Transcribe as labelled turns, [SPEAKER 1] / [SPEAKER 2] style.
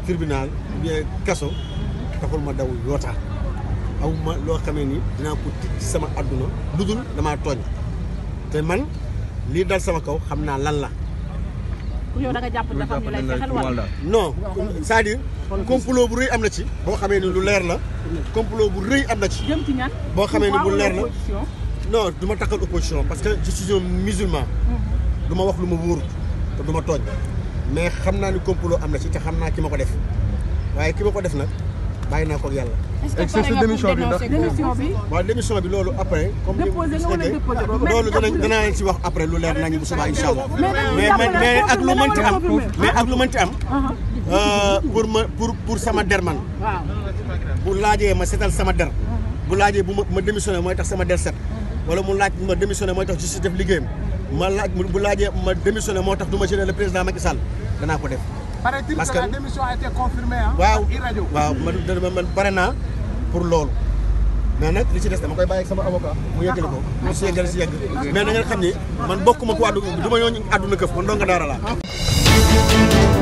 [SPEAKER 1] tribunal bien kaso taxul ma daw yootaa aw ma loo xamee ni dinaa ko tic sama àdduna lu dul damaa tooñ te man lii dal sama kaw xam naa lan la yow da nga jàpp dafa am ñu lay fexel wala non c'est-à-dire bu rëy am na ci boo xamee ni lu leer la complot bu rëy am na ci jëm boo xamee ni bu leer la non du ma takkal opposition parce que je suis un musulman mhm. du wax lu ma wóorut duma du tooñ mais xam naa ni complot am na ci te xam naa ki ma ko def waaye ki ma ko def nag bàyyi naa ko yàlla. est-ce bi ndax démission bi. waaw bi loolu après. comme ni mu loolu danañ danaa leen si wax après lu leer nañu bu subaa incha allah. mais mais ak lu mënti am mais ak lu mënti am. Uh-huh. Euh, pour ma pour pour sama der man. bu laajee ma setal sama der. Uh-huh. bu laajee bu ma démissionné mooy tax sama der set. Uh-huh. wala mu laaj ma démissionné mooy tax justice def liggéeyam. ma laaj bu laajee ma démissionné moo tax du ma gêner le président Macky Sall danaa ko def. paraît-il que la démission a ma confirmée ah. waaw pare naa pour loolu. mais nag li ci des dama koy bàyyi sama avocat mu yeggali ko mu si yeggali si yegg mais na xam ni man bokkuma ko àdduna du ma ñooñu àdduna këf man dong daara laa.